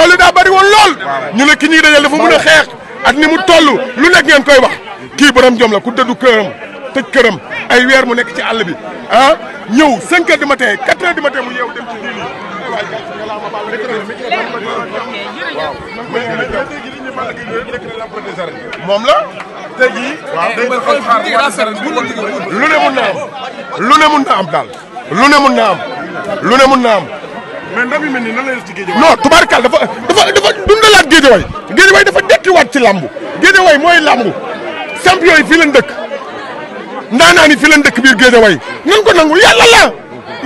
tool yi daa bëri woon lool ñu ne ki ak mu toll lu nekk ngeen koy wax kii borom jom la ku dëddu këram tëj ay weer mu nekk ci àll bi ah ñëw 5 heures du matin 4 mu yeewu dem ci diini lu ne mun na lu ne mun na am daal lu lu ne mun na mais ndam yu mel nii nan la def ci géejewaay. non tubaarkal dafa dafa dafa dundalaat géejewaay géejewaay dafa dekkiwaat ci làmb géejewaay mooy làmb champion yi fii leen dëkk ndaanaan yi fii leen dëkk biir géejewaay nan ko nangu yàlla la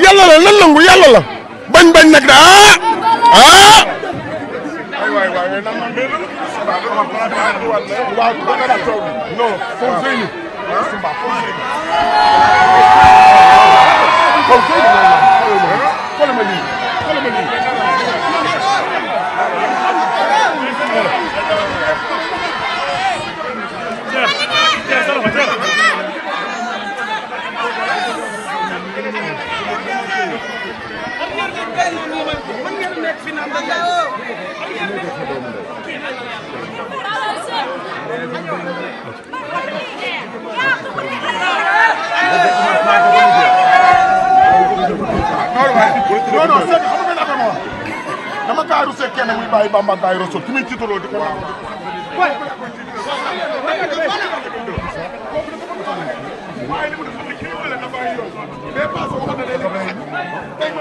yàlla nan nangu yàlla la bañ bañ nag da ah non non Seydou xam nga benn affaire ma wax dama kaa rusee kenn muy bàyyi Bamba Baye Rosso ki muy tiitaloo di ko naan. waaye li mu def xam ne kii wala na bàyyi yoon mais paase waxoon na day lekk xaj tey ma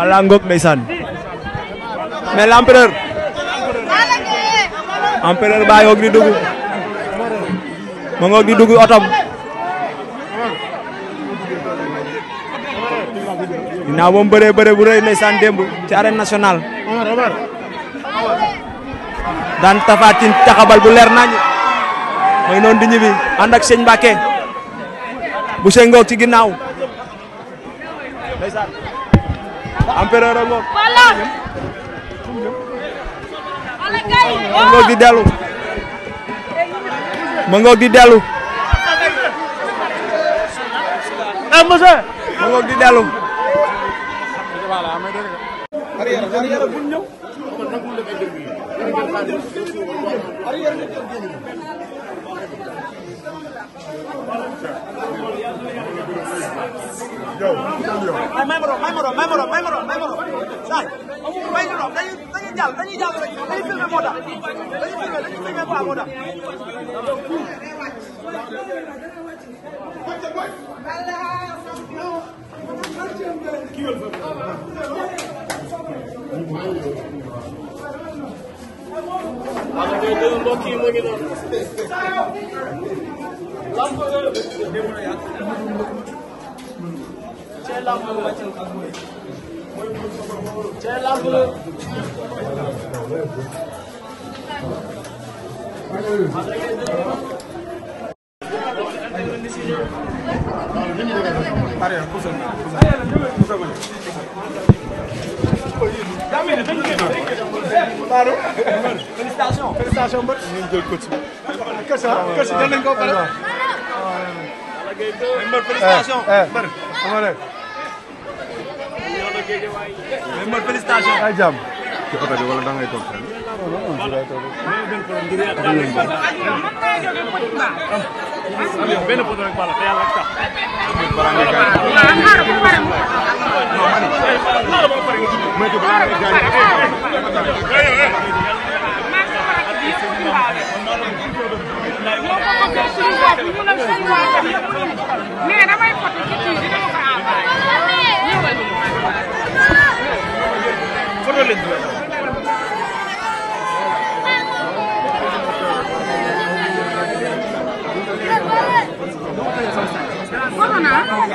Alangok ngoog ndeysaan mais l'empereur empereur baa ngoog di dugg Mo ngoog di dugg otom Na moom bere bere bu reuy ndeysaan demb ci arène nationale Dan tafatin takabal bu leer nañ Moy non di ñibi and ak Seigne Mbàkke bu Seigne ngok ci ginnaw. ndeysaan empereur a ngoog. ma di dellu. ma di dellu. ah monsieur. ma di dellu. Yo, Ay, memoro, memoro, memoro, memoro, memoro. Dai. Memoro, dai, dai jal, dai jal, dai filme moda. Dai filme, dai filme pa moda. Lan böyle. Ne buraya? cey lamb cey lamb Ariel, kusal, kusal, kusal. Baru. Félicitations. Félicitations mbër. ñu jël coach bi. coach ah coach jël nañ ko pare. mbër félicitations mbër. mais man félicitation ay jam ci wala da ngay toog tan bala bala bala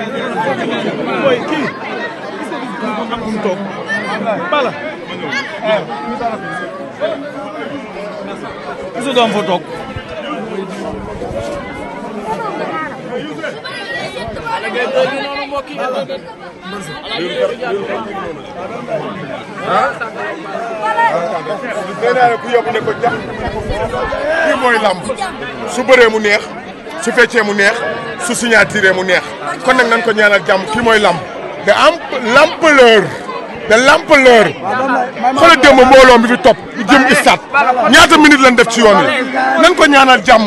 Oi, que? mu toog bala gisu doom fa toog Que naa su su signature mu neex kon nag nañ ko ñaanal jàmm kii mooy lamb de am l'ampleur de l'ampleur xoolal démb mbooloo bi fi topp ñu jëm istat ñaata minute lañ def ci yoon wi nañ ko ñaanal jàmm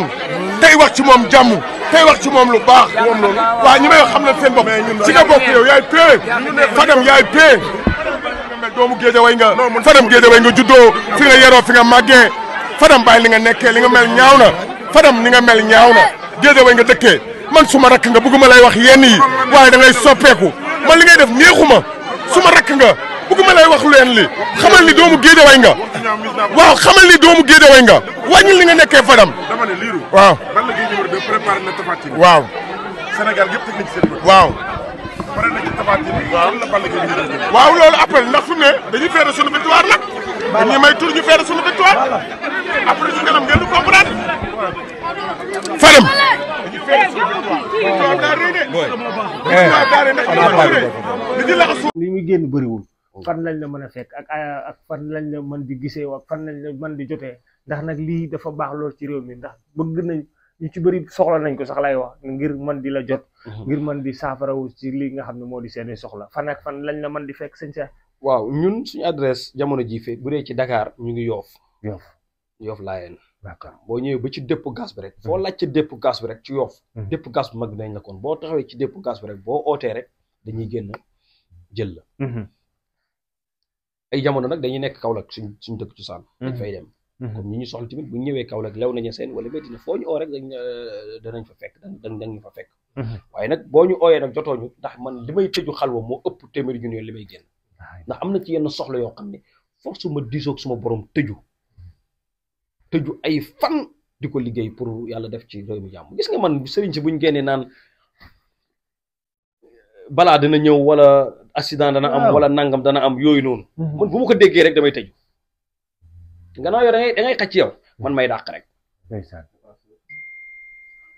tey wax ci moom jàmm tey wax ci moom lu baax moom loolu waaw ñi xam na seen bopp ci nga bokk yow yaay pee Fadam yaay pee doomu géeja way nga Fadam géeja way nga juddoo fi nga yeroo fi nga màggee Fadam bàyyi li nga nekkee li nga mel ñaaw na Fadam ni nga mel ñaaw na géeja way nga dëkkee man suma rakk nga bëgguma lay wax yenn yi waaye da soppeeku man li ngay def neexuma suma rakk nga bëgguma lay wax leen li xamal ni doomu géejawaay nga waaw xamal ni doomu géejawaay nga li nga nekkee fadam waaw waaw waaw waaw loolu appel ndax fi mu dañuy feere sunu victoire nag dañuy may tur ñu feere sunu victoire après ñu kanam ngeen du comprendre fadam li muy génn bëriwul fan lañ la mën a fekk ak ak fan lañ la mën di gisee ak fan lañ la mën di jotee ndax nag lii dafa baax lool ci réew mi ndax bëgg nañ ñu ci soxla nañ ko sax lay wax ngir mën di la jot mhm. ngir mën di saafarawu ci li nga xam ne moo di soxla fan ak fan lañ la mën di fekk sëñ Cheikh waaw ñun suñu adresse jamono jii fee bu dee ci Dakar ñu ngi yof yof yoof d'accord boo ñëwee ba ci dëpp gas bi rek. Mhm. foo laaj ci dëpp gaz bi rek ci yoof mhm. dëpp gaz bu mag bi nañ la kon boo taxawee ci dëpp gaz bi rek boo ootee rek dañuy génn jël la. Mhm. ay jamono nag dañu nekk Kaolack suñ suñ dëkk cosaan. dañ fay dem. comme ñi ñu soxla tamit bu ñëwee kawla lew nañu seen wala Medina foo ñu oo rek dañ euh, danañ fa fekk dañ ñu fa fekk. waaye nag boo ñu ooyee nag jotoo ñu ndax man li may tëju xalwa moo ëpp téeméeri junni li may génn. ndax am na ci yenn soxla yoo xam ne force ma diisoog suma borom tëju. tëju ay fan di ko liggéey pour yàlla def ci réew mi jàmm gis nga man sëriñ si buñ génnee naan balaa dana ñëw wala accident dana am wala nangam dana am yooyu noonu mhm. man bu ma ko déggee rek damay tëju nga naa yow da ngay yow man may dàq rek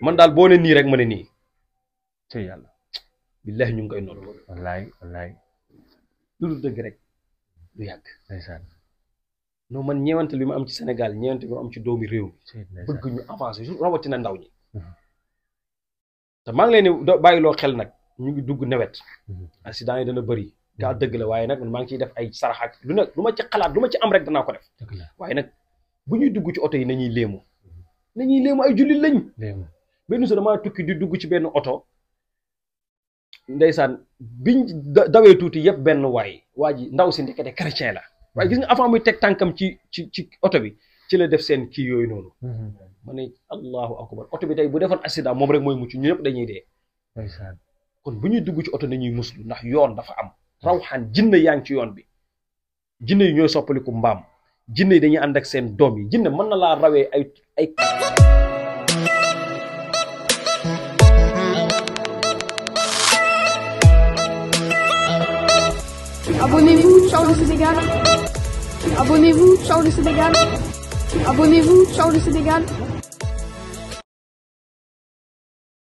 man daal boo ne nii rek ma ne nii te yàlla billahi ñu ngi koy noonu wallaay wallaay lu dul dëgg rek du yàgg non man ñeewante bi ma am ci senegal ñeewante bi ma am ci doomi réew mi bëgg ñu avancer rawatina ndaw ñi mhm. te maa ngi leen di bàyyiloo xel nag ñu ngi dugg nawet mhm. accident yi dana bëri gaa mhm. dëgg la waaye nag man maa ngi ciy def ay sarax ak lu ma ci xalaat lu ma ci am rek danaa ko def waaye nag bu ñuy dugg ci oto yi nañuy léemu nañuy léemu ay jullit lañ benn sa damaa tukki di dugg ci benn oto ndeysaan biñ dawee tuuti yëpp benn waay waa ji ndaw si ndekete chrétien la waaye gis nga mhm. avant muy teg tànkam ci ci ci oto bi ci la def seen kii yooyu noonu. Mhm. ma allahu akbar oto bi tey bu defoon accident moom rek mooy mucc ñu ñëpp dañuy dee. kon bu ñuy dugg ci oto nañuy muslu ndax yoon dafa am. rawxaan jinne yaa ngi ci yoon bi jinne yi ñooy soppaliku mbaam jinne yi dañuy ànd ak seen doom yi jinne mën na laa rawee ay ay. Abonnez-vous, ciao le Sénégal Abonnez-vous, Charles le Sénégal Abonnez-vous, Charles le Sénégal